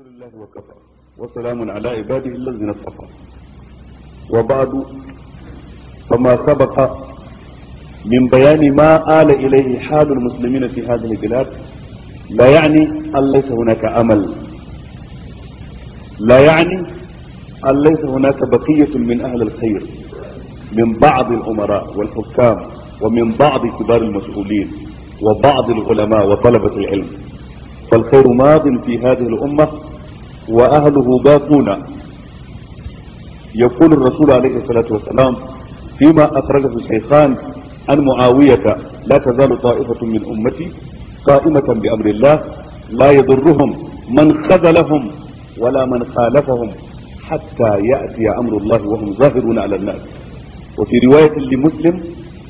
الحمد لله وكفى وسلام على عباده الذين اصطفى وبعد فما سبق من بيان ما آل إليه حال المسلمين في هذه البلاد لا يعني أن ليس هناك أمل لا يعني أن ليس هناك بقية من أهل الخير من بعض الأمراء والحكام ومن بعض كبار المسؤولين وبعض العلماء وطلبة العلم فالخير ماض في هذه الأمة وأهله باقون يقول الرسول عليه الصلاة والسلام فيما أخرجه الشيخان عن معاوية لا تزال طائفة من أمتي قائمة بأمر الله لا يضرهم من خذلهم ولا من خالفهم حتى يأتي أمر الله وهم ظاهرون على الناس وفي رواية لمسلم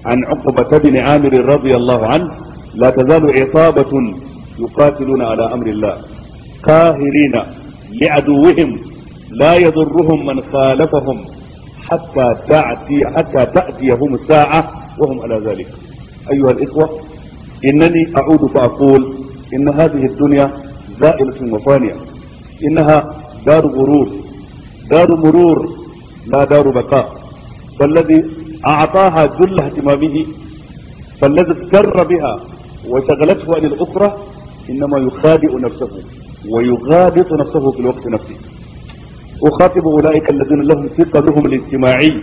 عن عقبة بن عامر رضي الله عنه لا تزال عصابة يقاتلون على أمر الله قاهرين لعدوهم لا يضرهم من خالفهم حتى تأتي حتى تأتيهم الساعة وهم على ذلك أيها الإخوة إنني أعود فأقول إن هذه الدنيا زائلة وفانية إنها دار غرور دار مرور لا دار بقاء فالذي أعطاها جل اهتمامه فالذي اغتر بها وشغلته عن الأخرى إنما يخادئ نفسه ويغابط نفسه في الوقت نفسه أخاطب أولئك الذين لهم ثقلهم الاجتماعي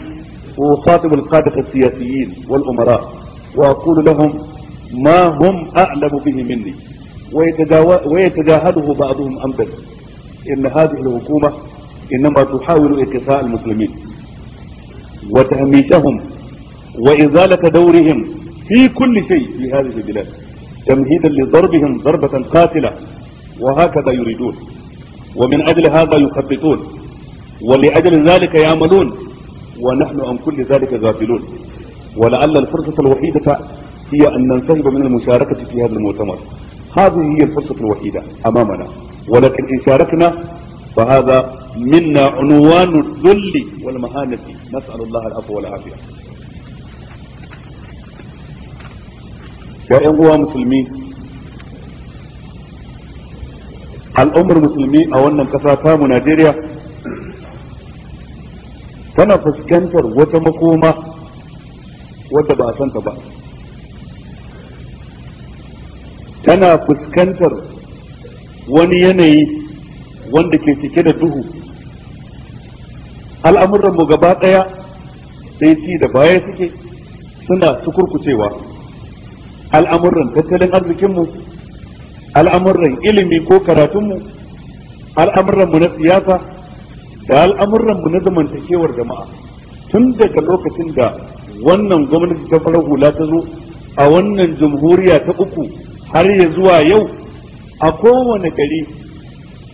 وأخاطب القادة السياسيين والأمراء وأقول لهم ما هم أعلم به مني ويتجاهله بعضهم أمدا إن هذه الحكومة إنما تحاول إكفاء المسلمين وتهميشهم وإزالة دورهم في كل شيء في هذه البلاد تمهيدا لضربهم ضربة قاتلة وهكذا يريدون ومن أجل هذا يخططون ولأجل ذلك يعملون ونحن عن كل ذلك غافلون ولعل الفرصة الوحيدة هي أن ننسحب من المشاركة في هذا المؤتمر هذه هي الفرصة الوحيدة أمامنا ولكن إن شاركنا فهذا منا عنوان الذل والمهانة نسأل الله العفو والعافية Ya'yan yan uwa musulmi al'ummar musulmi a wannan ƙasa tamu Najeriya tana fuskantar wata makoma wadda ba a santa ba tana fuskantar wani yanayi wanda ke cike da duhu al'amuranmu gaba ɗaya sai ci da baya suke suna sukurkucewa al'amuran tattalin arzikinmu al'amuran ilimi ko karatunmu al'amuranmu na siyasa da al'amuranmu na zamantakewar jama'a tun daga lokacin da wannan gwamnati ta fara hula ta zo a wannan jamhuriya ta uku har ya zuwa yau a kowane gari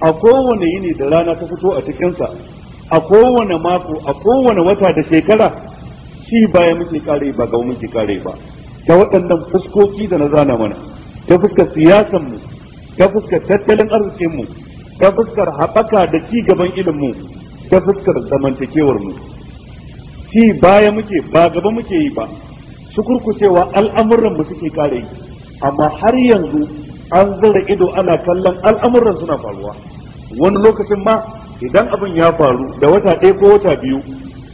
a kowane yini da rana ta fito a cikinsa a kowane mako a kowane wata da shekara shi baya muke kare ba ga muke kare ba ta waɗannan fuskoki da na zana mana ta fuskar siyasan mu ta fuskar tattalin arzikin mu ta fuskar haɓaka da ci gaban ilimin mu ta fuskar zamantakewar mu ci baya muke ba gaba muke yi ba su al'amuran mu suke kare amma har yanzu an zura ido ana kallon al'amuran suna faruwa wani lokacin ma idan abin ya faru da wata ɗaya ko wata biyu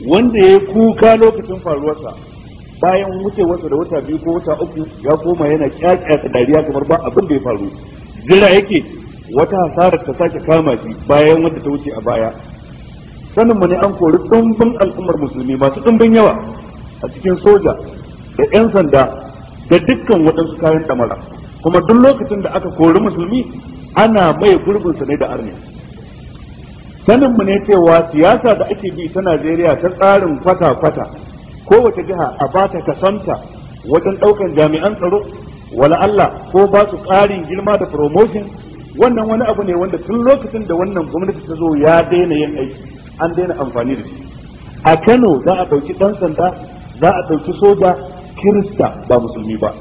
wanda ya yi kuka lokacin faruwarsa bayan wuce wata da wata biyu ko wata uku ya koma yana kyakkyata dariya kamar ba abin da ya faru jira yake wata hasarar ta sake kama shi bayan wanda ta wuce a baya sanin mu ne an kori dumbin al'ummar musulmi masu dumbin yawa a cikin soja da 'yan sanda da dukkan waɗansu kayan damara kuma duk lokacin da aka kori musulmi ana mai gurbin sa ne da arni sanin mu ne cewa siyasa da ake bi ta Najeriya ta tsarin kwata-kwata kowace jiha a ba ta kasanta wajen ɗaukan jami'an tsaro wala Allah ko ba su ƙarin girma da promotion wannan wani abu ne wanda tun lokacin da wannan gwamnati ta zo ya daina yin aiki an daina amfani da shi a Kano za a ɗauki ɗan sanda za a ɗauki soja kirista ba musulmi ba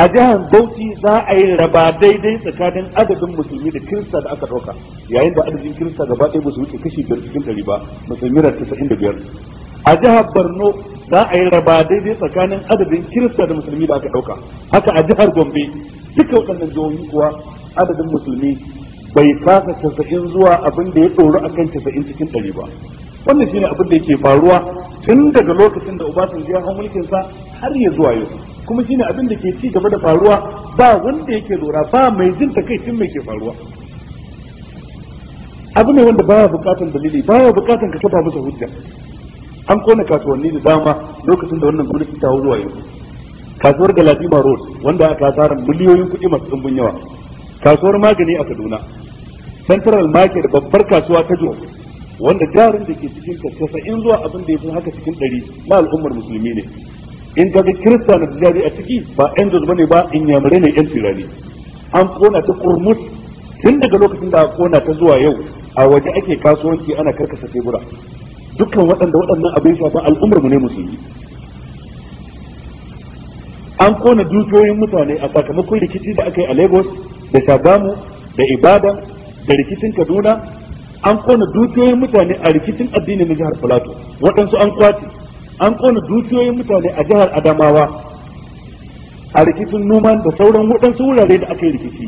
a jihar Bauchi za a yi raba daidai tsakanin adadin musulmi da kirista da aka ɗauka yayin da adadin kirista gaba ɗaya ba su wuce kashi biyar cikin ɗari ba musulmi da tasa'in da biyar a jihar Borno za a yi raba daidai tsakanin adadin Kirista da musulmi da aka ɗauka, haka a jihar Gombe duka waɗannan jihohi kuwa adadin musulmi bai kasa casa'in zuwa abin da ya tsoro akan casa'in cikin ɗari ba wannan shine abin da yake faruwa tun daga lokacin da Obasanjo ya hau mulkin sa har ya zuwa yau kuma shine abin da ke ci gaba da faruwa ba wanda yake lura ba mai jin takaicin mai ke faruwa abu ne wanda baya bukatan dalili baya bukatan ka kafa masa hujja an kona kasuwanni da dama lokacin da wannan gwamnati ta zuwa yanzu kasuwar galadima road wanda aka tsara miliyoyin kuɗi masu ɗumbin yawa kasuwar magani a kaduna central market babbar kasuwa ta jo wanda jarin da ke cikin kasuwa in zuwa abin da ya fi haka cikin ɗari na al'ummar musulmi ne in ka ga kirista na jari a ciki ba yan jos bane ba in yamurai ne yan tirani an kona ta kurmus tun daga lokacin da aka kona ta zuwa yau a waje ake kasuwanci ana karkasa tebura dukkan waɗanda waɗannan abin shafa al'ummar mu ne musulmi an kona dukiyoyin mutane a sakamakon rikici da aka yi a Lagos da Shagamu da ibada da rikicin Kaduna an kona dukiyoyin mutane a rikicin addinin na jihar plato waɗansu an kwace an kona dukiyoyin mutane a jihar Adamawa a rikicin Numan da sauran waɗansu wurare da aka yi rikici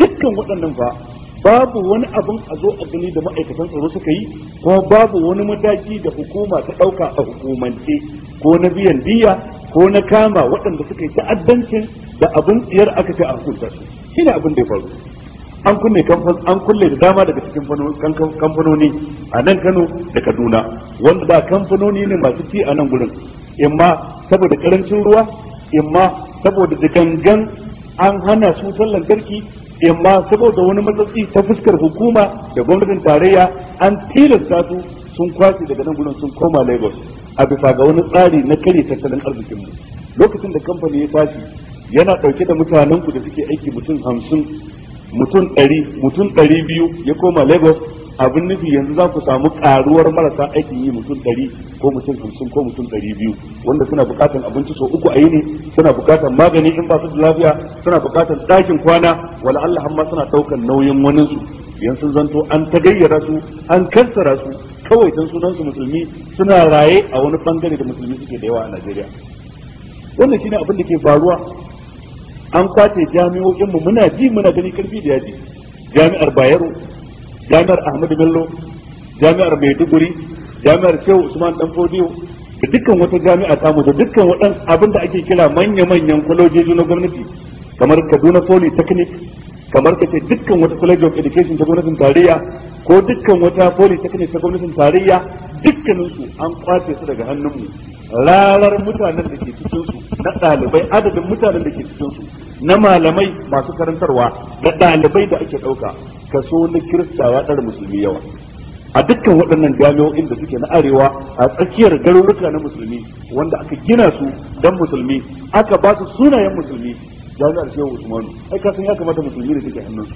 dukkan waɗannan fa babu wani abin a zo a gani da ma'aikatan tsaro suka yi ko babu wani mataki da hukuma ta ɗauka a hukumance ko na biyan diya ko na kama waɗanda suka yi ta'addancin da abin tsiyar aka ce a hukunta su shi ne abin da ya faru an kunne an kulle da dama daga cikin kamfanoni a nan Kano da Kaduna wanda da kamfanoni ne masu ci a nan gurin imma saboda karancin ruwa imma saboda da gangan an hana su wutar lantarki imma saboda wani matsatsi ta fuskar hukuma da gwamnatin tarayya an tilasta su sun kwashe daga nan gudun sun koma lagos a bisa ga wani tsari na kare tattalin arzikin mu lokacin da kamfani ya tashi yana ɗauke da mutanenku da suke aiki mutum hamsin mutum ɗari mutum ɗari biyu ya koma lagos abin nufi yanzu za ku samu karuwar marasa aikin yi mutum ɗari ko mutum hamsin ko mutum ɗari biyu wanda suna buƙatar abinci sau uku a yi ne suna buƙatar magani in ba su da lafiya suna buƙatar ɗakin kwana wala Allah amma suna ɗaukar nauyin wani su yanzu zanto an ta gayyara su an kansara su kawai don sunan su musulmi suna raye a wani bangare da musulmi suke da yawa a Najeriya wannan shine abin da ke faruwa an kwace jami'o'inmu muna ji muna gani karfi da yaji jami'ar Bayero jami'ar ahmadu bello jami'ar maiduguri jami'ar shehu usman dan fodiyo da dukkan wata jami'a ta mu da dukkan waɗan abin da ake kira manya-manyan kwalojeji na gwamnati kamar kaduna polytechnic kamar ka ce dukkan wata college of education ta gwamnatin tarayya ko dukkan wata polytechnic ta gwamnatin tarayya dukkaninsu an kwace su daga hannunmu rarar mutanen da ke cikinsu na ɗalibai adadin mutanen da ke cikinsu na malamai masu karantarwa da ɗalibai da ake ɗauka kaso na kirista ya ɗara musulmi yawa a dukkan waɗannan jami'o'in da suke na arewa a tsakiyar garuruka na musulmi wanda aka gina su dan musulmi aka ba su sunayen musulmi jami'ar shehu usmanu ai kasan ya kamata musulmi da take hannunsu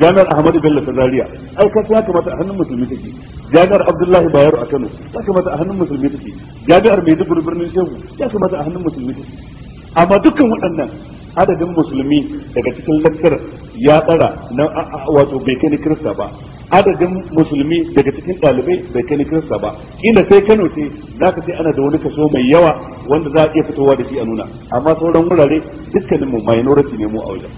jami'ar ahmadu bello ta zaria ai kasu ya kamata a hannun musulmi take jami'ar abdullahi bayero a kano ya kamata a hannun musulmi take jami'ar maiduguri birnin shehu ya kamata a hannun musulmi take amma dukkan waɗannan adadin musulmi daga cikin lakkar ya tsara na wato bai kai kirista ba adadin musulmi daga cikin ɗalibai bai kani kirista ba kila sai kano ce za ka ce ana da wani kaso mai yawa wanda za a iya fitowa da shi a nuna amma sauran wurare dukkanin mu minority ne mu a wajen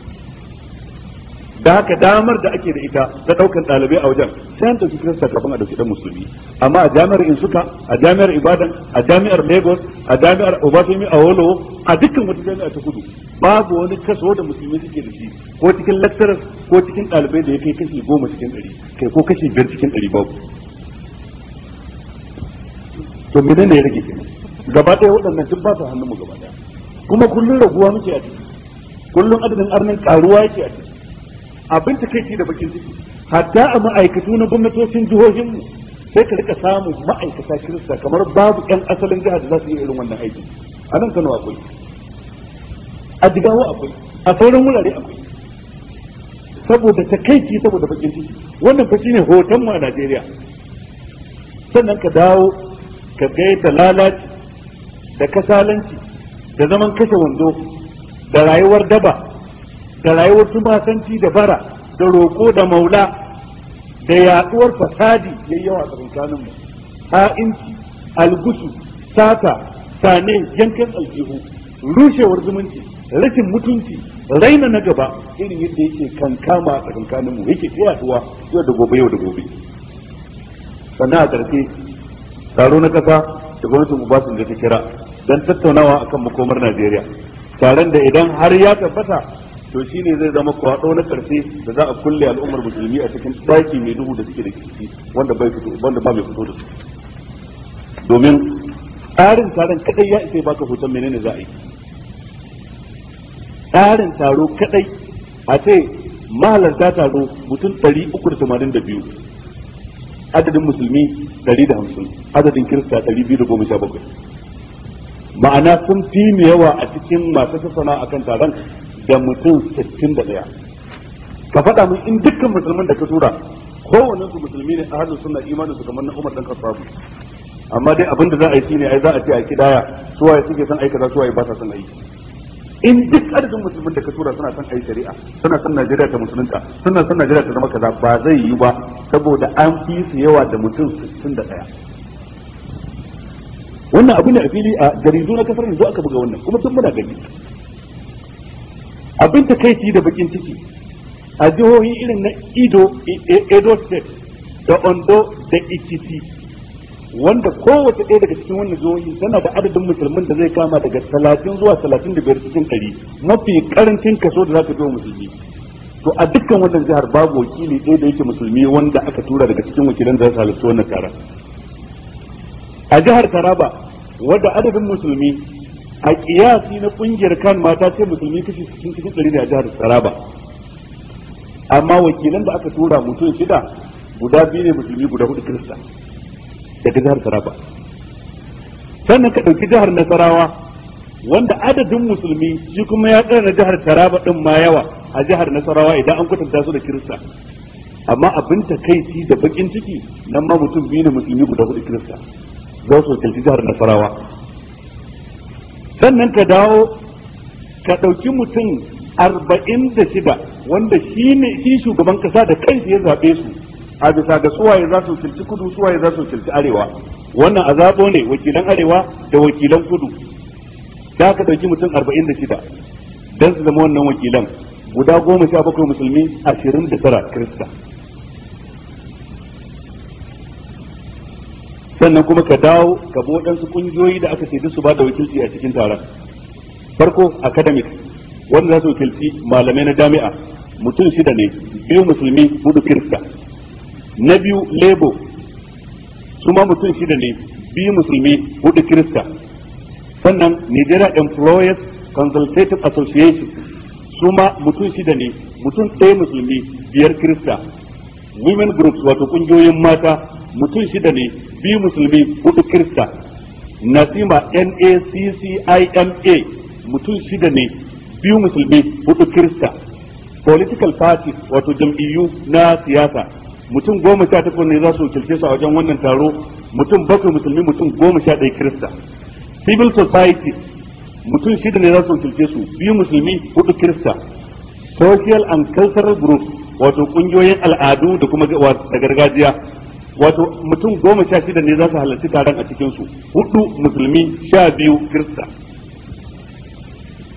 da haka damar da ake da ita ta daukan dalibai a wajen sai an dauki kirista kafin a dauki dan musulmi amma a jami'ar insuka a jami'ar ibadan a jami'ar lagos a jami'ar obafemi a wolowo a dukkan wata jami'a ta kudu babu wani kaso da musulmi suke da shi ko cikin lecturers ko cikin dalibai da ya kai kashi goma cikin ɗari kai ko kashi biyar cikin ɗari babu to menene ya rage kenan gaba ɗaya waɗannan duk ba su hannunmu gaba ɗaya kuma kullum raguwa muke a ciki kullum adadin arnin karuwa yake a ciki abin takeici da bakin ciki hatta a ma'aikatu na gwamnatocin jihohinmu sai ka rika samun ma'aikata kirista kamar babu yan asalin jihar da za su yi irin wannan aiki a nan kano akwai a jigawa akwai a sauran wurare akwai saboda takaici saboda bakin ciki wannan fa shine hoton mu a Najeriya sannan ka dawo ka ga lalaci da kasalanci da zaman kashe wando da rayuwar daba da rayuwar tumakanci da bara da roƙo da maula da yaduwar fasadi yi yawa tsakankanin mu ha'inci algusu sata sane yankan aljihu rushewar zumunci rashin mutunci raina na gaba irin yadda yake kankama a tsakankanin mu yake ta yaduwa yau da gobe yau da gobe sannan a ƙarshe taro na ƙasa da gwamnatin da ta kira don tattaunawa akan makomar Najeriya taron da idan har ya tabbata to ne zai zama kwaɗo na karshe da za a kulle al'ummar musulmi a cikin daki mai duhu da suke da kici wanda bai fito wanda ba mai fito da su domin tsarin taron kadai ya isa baka hoton menene za a yi tsarin taro kadai a ce mahalarta taro mutum 382 adadin musulmi 150 adadin kirista 217 ma'ana sun fi yawa a cikin masu sassana akan taron da mutum 61 ka faɗa min in dukkan musulmin da ka tura kowane su musulmi ne a hannun suna imanin su kamar na Umar dan Khattab amma dai abinda za a yi shine ai za a ce a kidaya suwaye suke son aikata suwaye ba sa son aiki in duk adadin musulmin da ka tura suna son ayi shari'a suna son Najeriya ta musulunta suna son Najeriya ta zama kaza ba zai yi ba saboda an fi su yawa da mutum 61 wannan abu ne a fili a jaridu na kasar yanzu aka buga wannan kuma sun muna gani abin ta kai da bakin ciki a jihohi irin na ido e-, e-, edo state da ondo da ikiti wanda kowace ɗaya daga cikin wannan jihohi tana da adadin musulmin da zai kama daga talatin zuwa talatin da biyar cikin ɗari mafi karancin kaso da za ka biyo musulmi to a dukkan wannan jihar babu wakili ɗaya da yake musulmi wanda aka tura daga cikin wakilan da za su halarci wannan taron a jihar taraba wadda adadin musulmi a kiyasi na kungiyar kan mata ce musulmi kashi cikin cikin ɗari da jihar Taraba amma wakilan da aka tura mutum shida guda biyu ne musulmi guda hudu kirista daga jihar Taraba sannan ka ɗauki jihar Nasarawa wanda adadin musulmi shi kuma ya ƙara na jihar Taraba ɗin ma yawa a jihar Nasarawa idan an kwatanta su da kirista amma abin takaici da bakin ciki nan ma mutum biyu ne musulmi guda hudu kirista za su wakilci jihar Nasarawa sannan ka dawo ka ɗauki mutum arba'in da shida wanda shi ne shi shugaban kasa da kai ya zaɓe su a bisa ga suwaye za su cilci kudu suwaye za su cilci arewa wannan a zaɓo ne wakilan arewa da wakilan kudu da ka ɗauki mutum arba'in da shida don su zama wannan wakilan guda goma sha bakwai musulmi ashirin da tara kirista sannan kuma ka dawo ka bi waɗansu ƙungiyoyi da aka ce duk su ba da wakilci a cikin taron farko academic wanda za su wakilci malamai na jami'a mutum shida ne biyu musulmi hudu kirista na biyu lebo su ma mutum shida ne biyu musulmi hudu kirista sannan nigeria employers consultative association su ma mutum shida ne mutum ɗaya musulmi biyar kirista women groups wato kungiyoyin mata mutum shida ne bi musulmi hudu kirista nasima NACCIMA mutum shida ne biyu musulmi hudu kirista political party wato jam'iyyu na siyasa mutum goma sha takwas ne za su wakilce su a wajen wannan taro mutum bakwai musulmi mutum goma sha ɗaya kirista civil society mutum shida ne za su wakilce su biyu musulmi hudu kirista social and cultural groups wato kungiyoyin al'adu da kuma da gargajiya wato mutum goma sha shida ne za su halarci taron a cikinsu hudu musulmi sha biyu kirista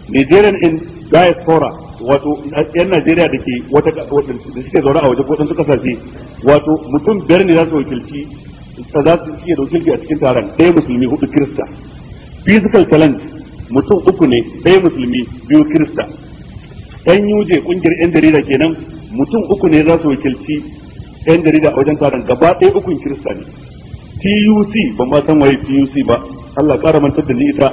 nigerian in diaspora wato yan najeriya da ke wata da suke zaune a waje ko su kasashe wato mutum biyar ne za su wakilci za su iya da wakilci a cikin taron ɗaya musulmi hudu kirista physical talent mutum uku ne ɗaya musulmi biyu kirista yan yuje kungiyar yan jarida kenan mutum uku ne za su wakilci yan jarida a wajen taron gaba ɗaya ukun kirista ne tuc ban ma san waye tuc ba allah ƙara mantar da ni ita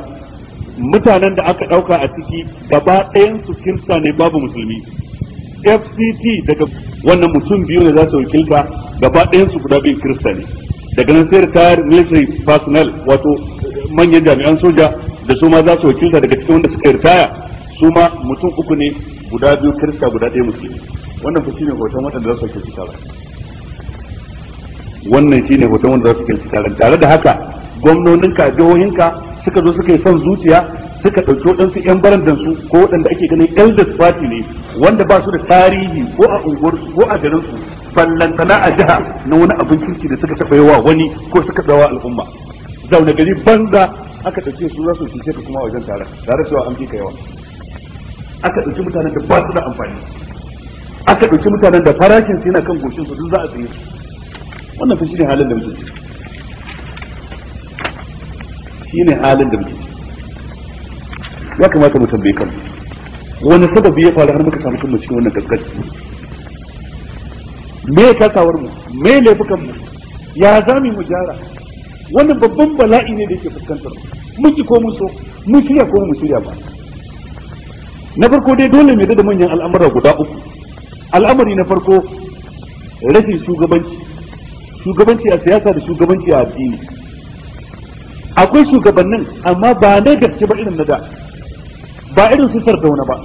mutanen da aka ɗauka a ciki gaba ɗayan su kirista ne babu musulmi fct daga wannan mutum biyu ne za su wakilta gaba ɗayan su guda biyu kirista ne daga nan sai retired military personnel wato manyan jami'an soja da su ma za su wakilta daga cikin wanda suka ritaya su ma mutum uku ne guda biyu kirista guda ɗaya musulmi wannan fa shine hoton da za su ke ci taron wannan shine hoton wanda za su ke ci taron tare da haka gwamnoninka jihohinka suka zo suka yi son zuciya suka ɗauki waɗansu 'yan barandan su ko waɗanda ake ganin eldest party ne wanda ba su da tarihi ko a unguwarsu ko a garinsu ballantana a jiha na wani abin kirki da suka taɓa yawa wani ko suka tsawa al'umma zaune gari banza aka ɗauke su za su cuce ka kuma wajen tare tare cewa an fi ka yawa aka ɗauki mutanen da ba su da amfani aka ɗauki mutanen da farashin su yana kan goshin su duk za a saye su wannan fa shine halin da muke ciki shine halin da muke ciki ya kamata mu tambaye kan wani sababi ya faru har muka samu kanmu cikin wannan gaskaci me ya kasawar mu me ya laifukan mu ya zami mu jara wannan babban bala'i ne da yake fuskantar mu ko mun so mun shirya ko mu shirya ba na farko dai dole mu da manyan al'amura guda uku al'amari na farko rashin shugabanci shugabanci a siyasa da shugabanci a addini akwai shugabannin amma ba na gaske ba irin na da ba irin su sardauna ba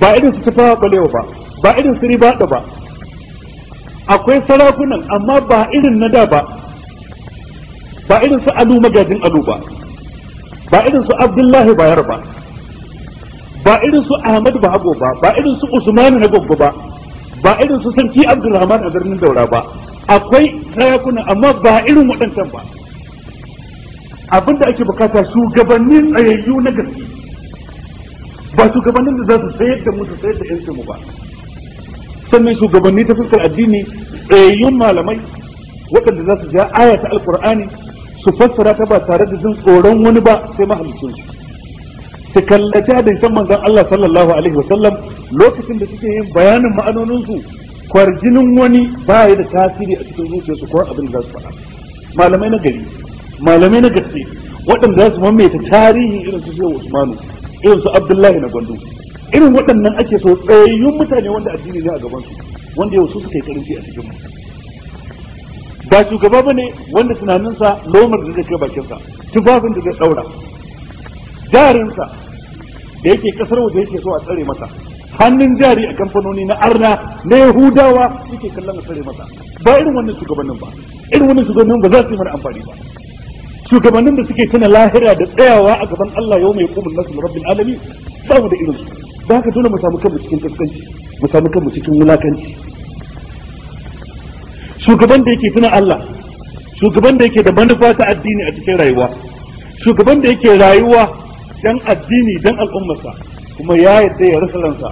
ba irin su tafawa balewa ba ba irin su ribaɗa ba akwai sarakunan amma ba irin na da ba ba irin su alu magajin alu ba ba irin su abdullahi bayar ba ba irin su Ahmad Bahago ba ba irin su Usman na gogo ba ba irin su Sarki Abdulrahman a birnin Daura ba akwai sarakuna amma ba irin waɗancan ba abinda ake bukata shugabannin tsayayyu na gaske ba shugabannin da za su sayar da musu sayar da yancin mu ba sannan shugabanni ta fuskar addini tsayayyun malamai waɗanda za su ja ayata ta alkur'ani su fassara ta ba tare da jin tsoron wani ba sai mahalicin su su kallaci hadisan manzon Allah sallallahu alaihi wasallam lokacin da suke yin bayanin ma'anonin su kwarjinin wani ba ya da tasiri a cikin su ko abin da za su faɗa malamai na gari malamai na gaske waɗanda za su mamaye tarihi irin su shehu usmanu irin su abdullahi na gwandu irin waɗannan ake so tsayayyun mutane wanda addini ne a gabansu wanda yau su suka yi karanci a cikin ba shugaba bane wanda tunaninsa lomar da zai kai bakinsa tufafin da zai ɗaura jarinsa da yake kasar waje yake so a tsare masa hannun jari a kamfanoni na arna na yahudawa yake kallon a tsare masa ba irin wannan shugabannin ba irin wannan shugabannin ba za su yi mana amfani ba shugabannin da suke tuna lahira da tsayawa a gaban Allah yau mai kumun nasu rabbin alami, ba mu da irin su ba haka dole mu samu kanmu cikin kaskanci mu samu kanmu cikin wulakanci shugaban da yake tuna Allah shugaban da yake da manufa ta addini a cikin rayuwa shugaban da yake rayuwa dan addini dan al'ummarsa kuma ya yadda ya rasa ransa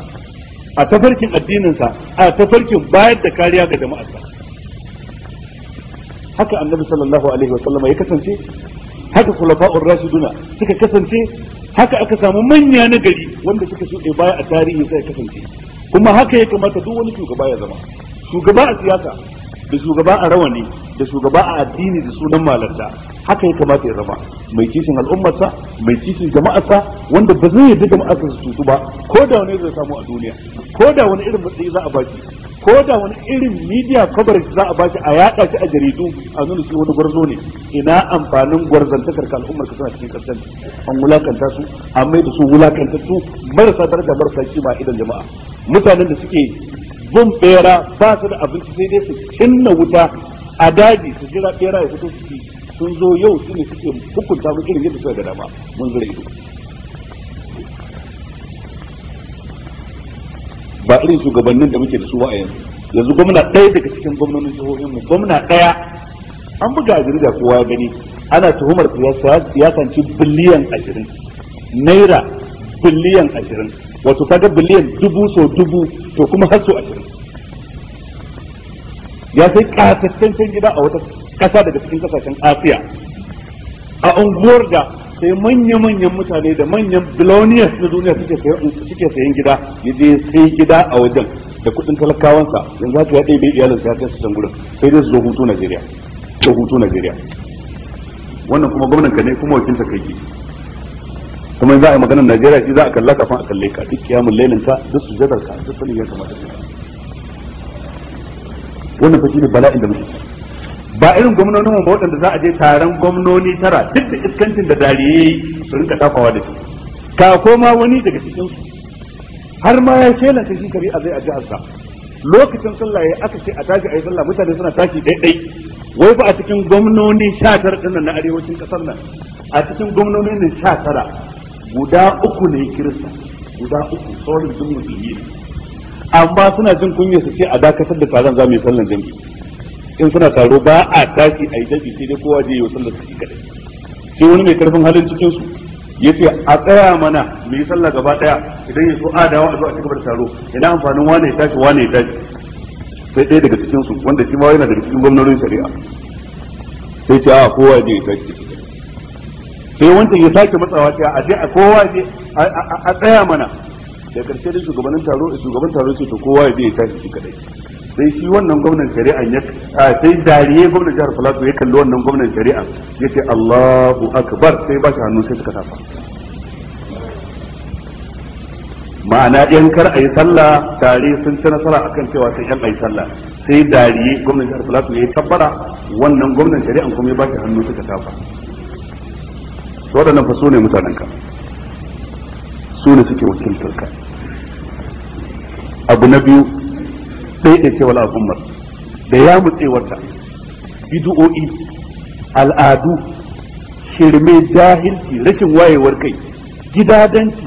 a tafarkin addininsa a tafarkin bayar da kariya ga jama'arsa haka annabi sallallahu alaihi wa sallama ya kasance haka khulafa'ur rashiduna suka kasance haka aka samu manya na gari wanda suka shuɗe baya a tarihi sai kasance kuma haka ya kamata duk wani shugaba ya zama shugaba a siyasa da shugaba a rawani da shugaba a addini da sunan malarta haka ya kamata ya zama mai kishin al'ummarsa mai kishin jama'arsa wanda ba zai yadda jama'arsa su tutu ba ko da wani zai samu a duniya ko da wani irin matsayi za a baki ko da wani irin media coverage za a bashi a yada shi a jaridu a nuna shi wani gwarzo ne ina amfanin gwarzantakar ka al'ummar ka suna cikin kasan an wulakanta su an mai da su wulakantattu marasa daraja marasa kima idan jama'a mutanen da suke bin bera ba su da abinci sai dai su cinna wuta a daji su jira bera ya fito su sun zo yau su ne suke hukunta mu irin yadda suka ga dama mun zura ido ba irin shugabannin da muke da su ba yanzu gwamna ɗaya daga cikin gwamnonin jihohin mu gwamna ɗaya an buga da kowa ya gani ana tuhumar ya kanci biliyan ashirin naira biliyan ashirin wato kaga biliyan dubu so dubu to kuma har so ashirin ya sai kasassancen gida a wata kasa daga cikin kasashen asiya a unguwar da sai manya-manyan mutane da manyan biloniyar na duniya suke sayan gida ya je sai gida a wajen da kudin talakawansa yanzu haka ya iyalin iyalinsa ya kai su can gudun. sai dai su zo hutu najeriya zo hutu najeriya wannan kuma gwamnan ka ne kuma ta kai ke kuma za a yi maganar najeriya shi za a kalla kafin a kalle ka duk kiyamun lailin ka duk jadar ka duk sanin ya kamata ka wannan fa shine bala'in da muke ba irin gwamnonin mu ba waɗanda za a je taron gwamnoni tara duk da iskantin da dariye su rinka takawa da shi ka koma wani daga cikin su har ma ya ce ta shi kare a zai a jiharsa lokacin sallah ya aka ce a tashi a yi sallah mutane suna tashi daidai wai ba a cikin gwamnoni sha tara ɗin na arewacin ƙasar nan a cikin gwamnoni ne sha tara guda uku ne kirista guda uku sauran sun amma suna jin kunya su ce a dakatar da taron za mu yi sallan jami'i in suna taro ba a tashi a yi jami'i sai dai kowa zai yi sallar su kadai sai wani mai karfin halin cikin su ce a tsaya mana mu yi sallah gaba daya idan ya so a dawo a zo a cigaba da taro idan amfanin wane ya tashi wane ya tashi sai ɗaya daga cikin su wanda shi ma yana daga cikin gwamnatin shari'a sai ce a kowa zai ya tashi sai wancan ya sake matsawa ce a je a kowa je a tsaya mana da karshe da shugabannin taro shugaban taro ce to kowa ya je ya tashi shi kadai sai shi wannan gwamnan shari'a ya sai dariye gwamnan jihar Plateau ya kalli wannan gwamnan shari'a ya ce Allahu akbar sai ba shi hannu sai suka tafa ma'ana yan kar ayi sallah tare sun ci nasara akan cewa sai yan ayi sallah sai dariye gwamnan jihar Plateau ya tabbara wannan gwamnan shari'a kuma ya ba shi hannu suka tafa waɗannan fa su ne mutanen ka su ne suke wakiltar ka abu na biyu ce wala al'ummar da ya mutse mutsewarta bid'o'i al'adu shirme jahilci rashin wayewar kai gidadanci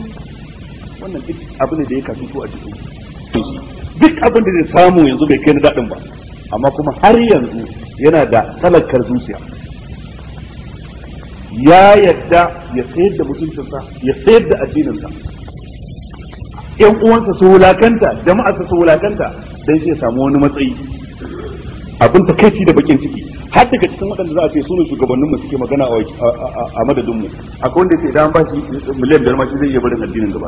wannan duk abu ne da ya kasu su a cikin duk abin da zai samu yanzu bai kai na daɗin ba amma kuma har yanzu yana da talakar zuciya ya yadda ya sayar da mutuncinsa ya sayar da addininsa yan uwansa su wulakanta jama'a su wulakanta dan sai ya samu wani matsayi abin takaici da bakin ciki har daga cikin waɗanda za a ce sunan shugabannin mu suke magana a madadin mu akwai wanda yake idan ba shi miliyan biyar ma shi zai iya barin addinin gaba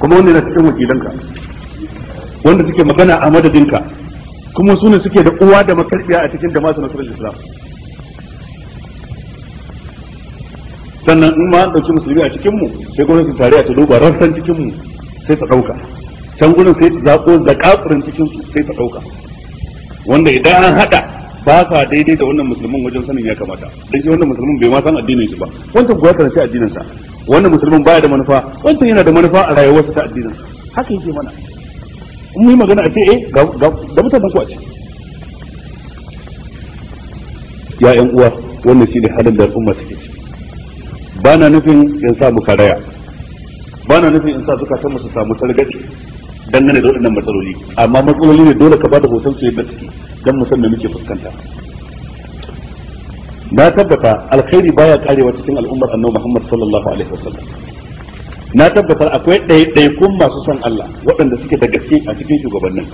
kuma wanda na cikin wakilanka wanda suke magana a madadinka kuma sunan suke da uwa da makarbiya a cikin jama'a nasarar islam sannan in ma an dauki musulmi a cikin mu sai gwamnatin tarayya ta duba rassan cikin mu sai ta dauka can gudun sai ta zako zakafurin cikin su sai ta dauka wanda idan an hada ba sa daidai da wannan musulmin wajen sanin ya kamata dan shi wannan musulmin bai ma san addinin shi ba wancan kuwa karanci addinin sa wannan musulmin baya da manufa wancan yana da manufa a rayuwar sa ta addinin sa haka yake mana in mu yi magana a ce eh ga mutanen ku a ce ya yan uwa wannan shi ne halin da al'umma suke ciki ba na nufin in sa mu karaya ba na nufin in sa zukatan su samu targaɗe dangane da waɗannan matsaloli amma matsaloli ne dole ka ba da hoton su yadda suke don mu san da muke fuskanta na tabbata alkhairi baya karewa cikin al'ummar annabi Muhammad sallallahu alaihi wasallam na tabbatar akwai ɗaiɗaikun masu son Allah waɗanda suke da gaske a cikin shugabannin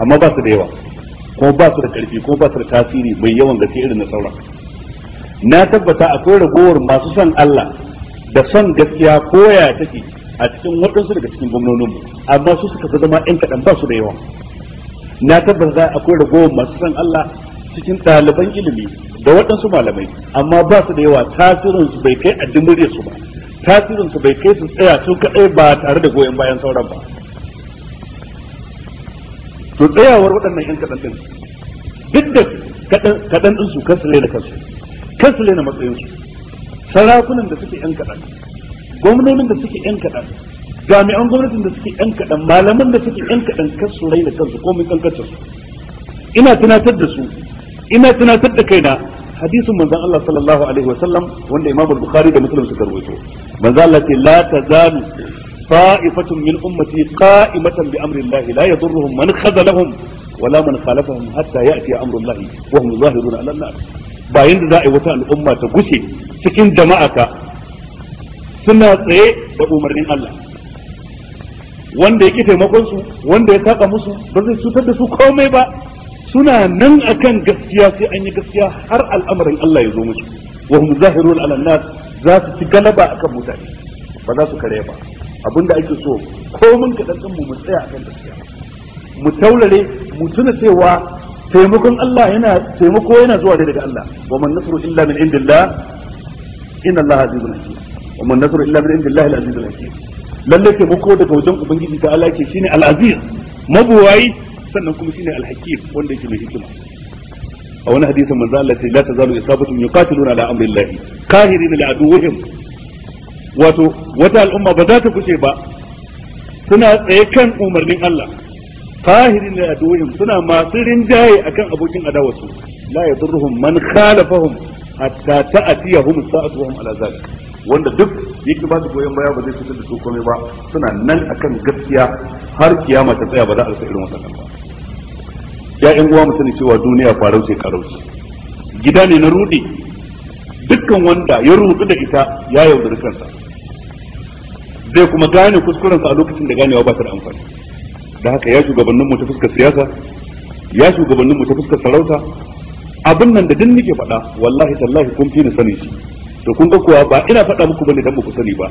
amma ba su da yawa ko ba su da ƙarfi ko ba su da tasiri mai yawan gaske irin na sauran na tabbata akwai ragowar masu son Allah da son gaskiya koya take a cikin waɗansu daga cikin gwamnoninmu amma su suka fi zama ɗan kaɗan ba su da yawa na tabbata akwai ragowar masu son Allah cikin ɗaliban ilimi da waɗansu malamai amma ba su da yawa tasirinsu bai kai a dimire su ba tasirinsu bai kai su tsaya su kaɗai ba tare da goyon bayan sauran ba to tsayawar waɗannan ƴan kaɗan duk da kaɗan ɗinsu kansu ne da kansu kan su na matsayinsu sarakunan da suke yan kaɗan gwamnonin da suke yan kaɗan jami'an gwamnatin da suke yan kaɗan malaman da suke yan kaɗan kan rai raina kansu ko mun kankantar su ina tunatar da su ina tunatar da kaina hadisin manzon Allah sallallahu alaihi wa sallam wanda Imam Bukhari da Muslim suka rawaito manzon Allah ce la tazalu ta'ifatun min ummati qa'imatan bi amri Allah la yadurruhum man khazalahum ولا من خالفهم حتى يأتي أمر الله وهم ظاهرون على الناس ba yanda za a yi wata al'umma ta gushe cikin jama'a ka suna tsaye da umarnin Allah wanda yake taimakon su wanda ya taka musu ba zai cutar da su komai ba suna nan akan gaskiya sai an yi gaskiya har al'amarin Allah ya zo musu wa hum zahirun ala nas za su ci galaba akan mutane ba za su kare ba abinda ake so ka dan mu mu tsaya akan gaskiya mu taulare mu tuna cewa taimakon Allah yana taimako yana zuwa daga Allah wa man nasru illa min indillah inna Allah azizun hakim wa man nasru illa min indillah al-aziz al-hakim lalle taimako daga wajen ubangiji ta Allah ke shine al-aziz mabuwayi sannan kuma shine al-hakim wanda yake mai hikima a wani hadisin manzo Allah sai la tazalu isabatun yuqatiluna ala amri Allah kahirin li aduwwihim wato wata al'umma ba za ta kushe ba suna tsaye kan umarnin Allah fahirin da aduwwihim suna masu rinjaye akan abokin adawarsu la yadurruhum man khalafahum hatta ta'tiyahum sa'atu wa hum ala zalik wanda duk yake ba su goyon baya ba zai fitar da su komai ba suna nan akan gaskiya har kiyama ta tsaya ba za a rasa irin wannan ba ya yan uwa mu cewa duniya farau ce karauci gida ne na rudi dukkan wanda ya rudu da ita ya yaudari kansa zai kuma gane sa a lokacin da ganewa ba ta da amfani da haka ya shugabannin mu ta fuskar siyasa ya shugabannin mu ta fuskar sarauta abin nan da din nake faɗa wallahi tallahi kun fi ni sani shi to kun ga kuwa ba ina faɗa muku bane dan muku sani ba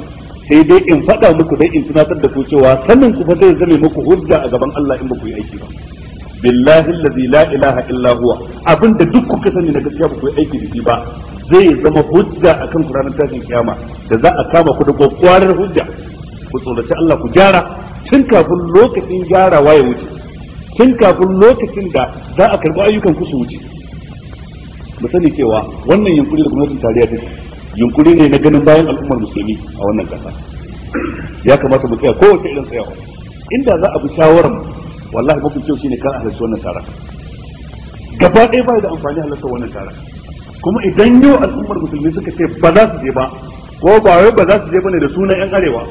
sai dai in faɗa muku dai in tunatar da ku cewa sanin ku fa zai zame muku hujja a gaban Allah in ba ku yi aiki ba billahi allazi la ilaha illa huwa abinda duk kuka sani na gaskiya ba ku yi aiki da shi ba zai zama hujja akan ku ranar tashin kiyama da za a kama ku da kwakwarar hujja ku tsoraci Allah ku gyara tun kafin lokacin gyarawa ya wuce tun kafin lokacin da za a karɓi ayyukan ku su wuce mu sani cewa wannan yunkuri da gwamnatin tarayya ta yunkuri ne na ganin bayan al'ummar musulmi a wannan kasa. ya kamata mu tsaya kowace irin tsayawa inda za a bi shawaran wallahi mafi kyau shine kan halarci wannan tara gaba ɗaya ba da amfani halarta wannan tara kuma idan yau al'ummar musulmi suka ce ba za su je ba ko ba wai ba za su je bane da sunan yan arewa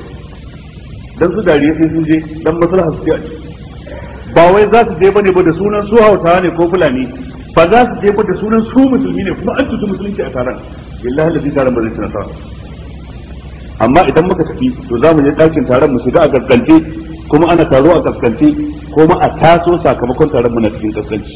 dan su dariya sai sun je dan maslaha su ce ba wai za su je bane ba da sunan su hauta ne ko fulani ba za su je ba da sunan su musulmi ne kuma an tutu musulunci a taron billahi ladhi taron ba zai tana amma idan muka tafi to za mu je dakin taron mu shiga a gaskance kuma ana taro a gaskance kuma a taso sakamakon taron mu na cikin gaskanci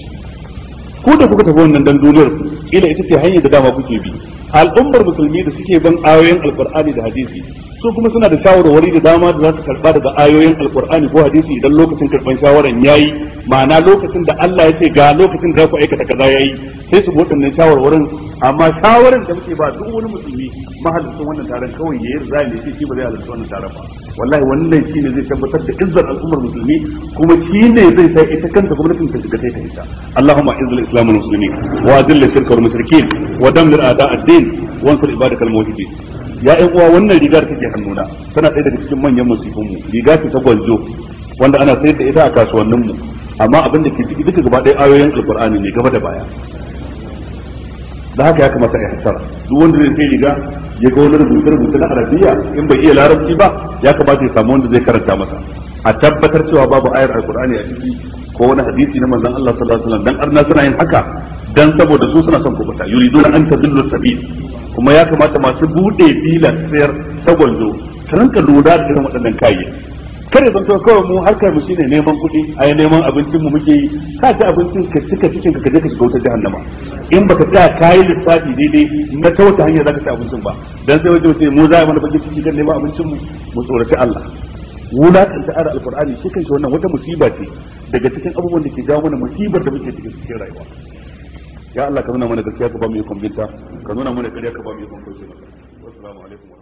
ko da kuka tafi wannan dan duniyar ila ita ce hanyar da dama kuke bi al'ummar musulmi da suke ban ayoyin alqur'ani da hadisi su kuma suna da shawarwari da dama da za su karba daga ayoyin alkur'ani ko hadisi idan lokacin karban shawaran yayi ma'ana lokacin da Allah ya ce ga lokacin da za ku aikata kaza yayi sai su waɗannan shawarwarin amma shawaran da muke ba duk wani musulmi mahalarcin wannan taron kawai ya za ne shi ba zai halarci wannan taron ba wallahi wannan ne zai tabbatar da izzar al'ummar musulmi kuma ne zai sai ita kanta gwamnatin ta shiga sai ta ita Allahumma izzil islamul muslimin wa adil shirka wal mushrikin wa dammir a'da ad-din wa ansur ibadakal ya yan uwa wannan rigar take hannuna tana ɗaya daga cikin manyan masifin mu riga ce ta gwanzo wanda ana sayar da ita a kasuwannin mu amma abin da ke ciki duka gaba ɗaya ayoyin alqur'ani ne gaba da baya da haka ya kamata ya hasara duk wanda zai sai riga ya ga wani rubuce rubuce na arabiya in bai iya larabci ba ya kamata ya samu wanda zai karanta masa a tabbatar cewa babu ayar alqur'ani a ciki ko wani hadisi na manzon Allah sallallahu alaihi wasallam dan arna suna yin haka dan saboda su suna son kubuta yuridu an tadullu sabil kuma ya kamata masu bude bila sayar ta zo sanan ka lura da irin waɗannan kayayyaki kar ya zanto kawai mu harkar mu shine neman kuɗi ai neman abincin mu muke yi ka ci abincin ka cika cikin ka kaje ka shiga wata jahannama in baka ta kayi lissafi daidai na ta wata hanya zaka ci abincin ba dan sai wajen sai mu za mu bakin ciki kan neman abincin mu mu tsoraci Allah kan ta ara alqur'ani shi kanshi wannan wata musiba ce daga cikin abubuwan da ke jawo mana musibar da muke cikin cikin rayuwa ya Allah ka nuna mana gaskiya ka ba mu yi binta ka nuna mana ƙarya ka ba mu yi kauce wasu alaikum